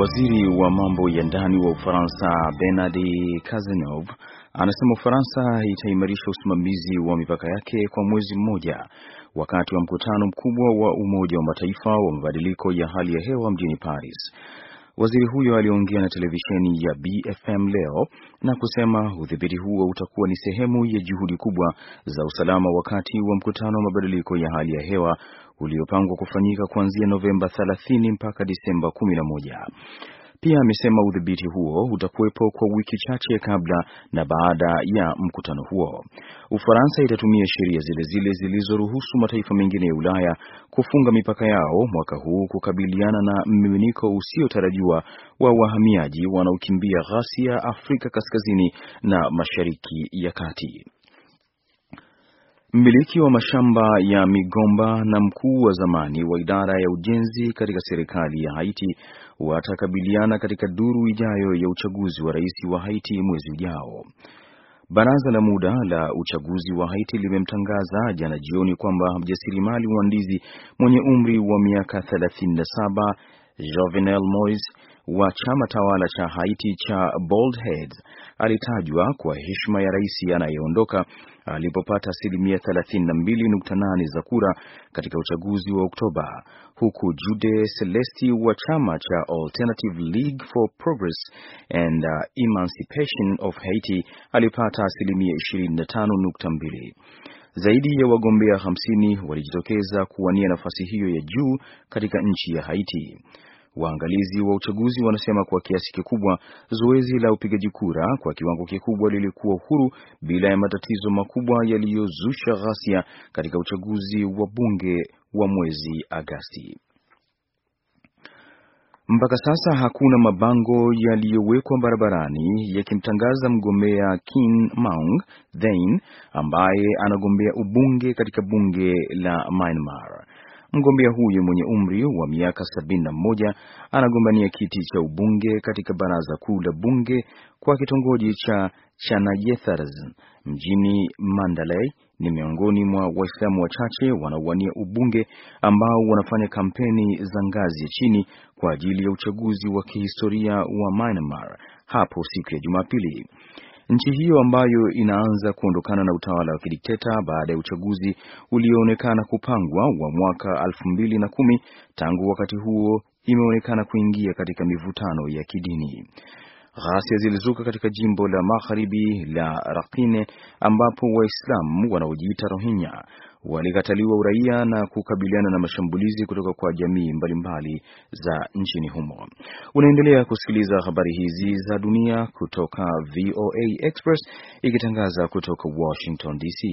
Waziri wa mambo ya ndani wa Ufaransa Bernard Cazeneuve anasema Ufaransa itaimarisha usimamizi wa mipaka yake kwa mwezi mmoja wakati wa mkutano mkubwa wa Umoja wa Mataifa wa mabadiliko ya hali ya hewa mjini Paris. Waziri huyo aliongea na televisheni ya BFM leo na kusema udhibiti huo utakuwa ni sehemu ya juhudi kubwa za usalama wakati wa mkutano wa mabadiliko ya hali ya hewa uliopangwa kufanyika kuanzia Novemba 30 mpaka Disemba 11. Pia amesema udhibiti huo utakuwepo kwa wiki chache kabla na baada ya mkutano huo. Ufaransa itatumia sheria zile zile zilizoruhusu mataifa mengine ya Ulaya kufunga mipaka yao mwaka huu kukabiliana na mmiminiko usiotarajiwa wa wahamiaji wanaokimbia ghasia Afrika Kaskazini na Mashariki ya Kati. Mmiliki wa mashamba ya migomba na mkuu wa zamani wa idara ya ujenzi katika serikali ya Haiti watakabiliana katika duru ijayo ya uchaguzi wa rais wa Haiti mwezi ujao. Baraza la muda la uchaguzi wa Haiti limemtangaza jana jioni kwamba mjasiriamali wa ndizi mwenye umri wa miaka 37 Jovenel Moise wa chama tawala cha Haiti cha Bald Heads alitajwa kwa heshima ya rais anayeondoka alipopata asilimia 32.8 za kura katika uchaguzi wa Oktoba, huku Jude Celesti wa chama cha Alternative League for Progress and uh, Emancipation of Haiti alipata asilimia 25.2. Zaidi ya wagombea 50 walijitokeza kuwania nafasi hiyo ya juu katika nchi ya Haiti. Waangalizi wa uchaguzi wanasema kwa kiasi kikubwa zoezi la upigaji kura kwa kiwango kikubwa lilikuwa huru bila ya matatizo makubwa yaliyozusha ghasia katika uchaguzi wa bunge wa mwezi Agasti. Mpaka sasa hakuna mabango yaliyowekwa barabarani yakimtangaza mgombea Kin Maung Thein ambaye anagombea ubunge katika bunge la Myanmar. Mgombea huyo mwenye umri wa miaka sabini na mmoja anagombania kiti cha ubunge katika baraza kuu la bunge kwa kitongoji cha Chanayethars mjini Mandalay. Ni miongoni mwa Waislamu wachache wanaowania ubunge ambao wanafanya kampeni za ngazi ya chini kwa ajili ya uchaguzi wa kihistoria wa Myanmar hapo siku ya Jumapili. Nchi hiyo ambayo inaanza kuondokana na utawala wa kidikteta baada ya uchaguzi ulioonekana kupangwa wa mwaka 2010 tangu wakati huo imeonekana kuingia katika mivutano ya kidini. Ghasia zilizuka katika jimbo la magharibi la Rakhine ambapo Waislamu wanaojiita Rohingya walikataliwa uraia na kukabiliana na mashambulizi kutoka kwa jamii mbalimbali mbali za nchini humo. Unaendelea kusikiliza habari hizi za dunia kutoka VOA Express ikitangaza kutoka Washington DC.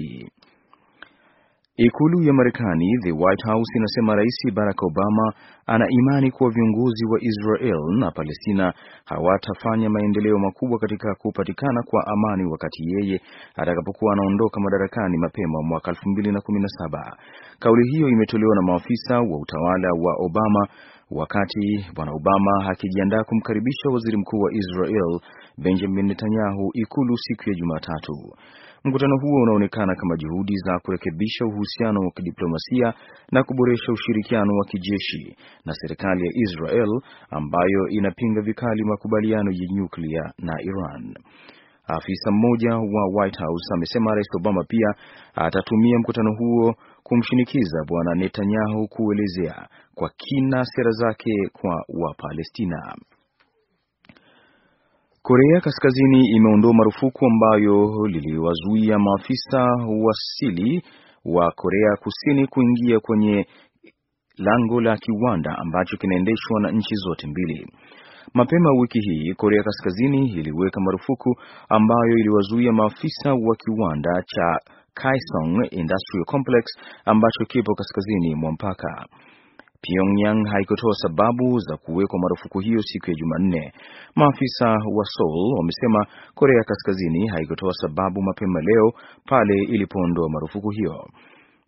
Ikulu ya Marekani, the White House, inasema Rais Barack Obama ana imani kuwa viongozi wa Israel na Palestina hawatafanya maendeleo makubwa katika kupatikana kwa amani wakati yeye atakapokuwa anaondoka madarakani mapema mwaka 2017. Kauli hiyo imetolewa na maafisa wa utawala wa Obama wakati Bwana Obama akijiandaa kumkaribisha Waziri Mkuu wa Israel Benjamin Netanyahu ikulu siku ya Jumatatu. Mkutano huo unaonekana kama juhudi za kurekebisha uhusiano wa kidiplomasia na kuboresha ushirikiano wa kijeshi na serikali ya Israel ambayo inapinga vikali makubaliano ya nyuklia na Iran. Afisa mmoja wa White House amesema Rais Obama pia atatumia mkutano huo kumshinikiza Bwana Netanyahu kuelezea kwa kina sera zake kwa Wapalestina. Korea Kaskazini imeondoa marufuku ambayo liliwazuia maafisa wasili wa Korea Kusini kuingia kwenye lango la kiwanda ambacho kinaendeshwa na nchi zote mbili. Mapema wiki hii Korea Kaskazini iliweka marufuku ambayo iliwazuia maafisa wa kiwanda cha Kaesong Industrial Complex ambacho kipo kaskazini mwa mpaka. Pyongyang haikutoa sababu za kuwekwa marufuku hiyo siku ya Jumanne. Maafisa wa Seoul wamesema Korea Kaskazini haikutoa sababu mapema leo pale ilipoondoa marufuku hiyo.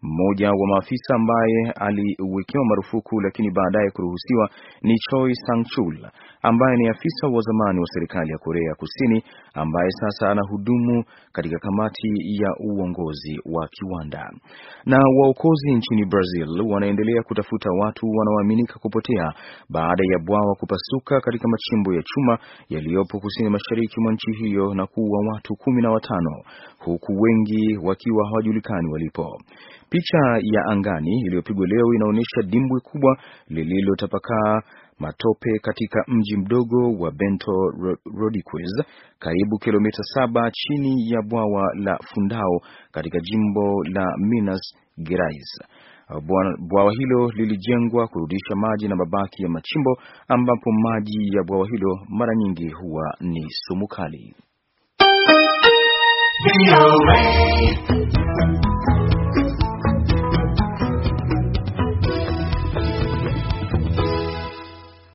Mmoja wa maafisa ambaye aliwekewa marufuku lakini baadaye kuruhusiwa ni Choi Sang-chul ambaye ni afisa wa zamani wa serikali ya Korea Kusini ambaye sasa anahudumu katika kamati ya uongozi wa kiwanda. Na waokozi nchini Brazil wanaendelea kutafuta watu wanaoaminika kupotea baada ya bwawa kupasuka katika machimbo ya chuma yaliyopo kusini mashariki mwa nchi hiyo na kuua watu kumi na watano huku wengi wakiwa hawajulikani walipo. Picha ya angani iliyopigwa leo inaonyesha dimbwi kubwa lililotapakaa matope katika mji mdogo wa Bento Rodriguez, karibu kilomita saba chini ya bwawa la Fundao katika jimbo la Minas Gerais. Bwawa hilo lilijengwa kurudisha maji na mabaki ya machimbo, ambapo maji ya bwawa hilo mara nyingi huwa ni sumu kali.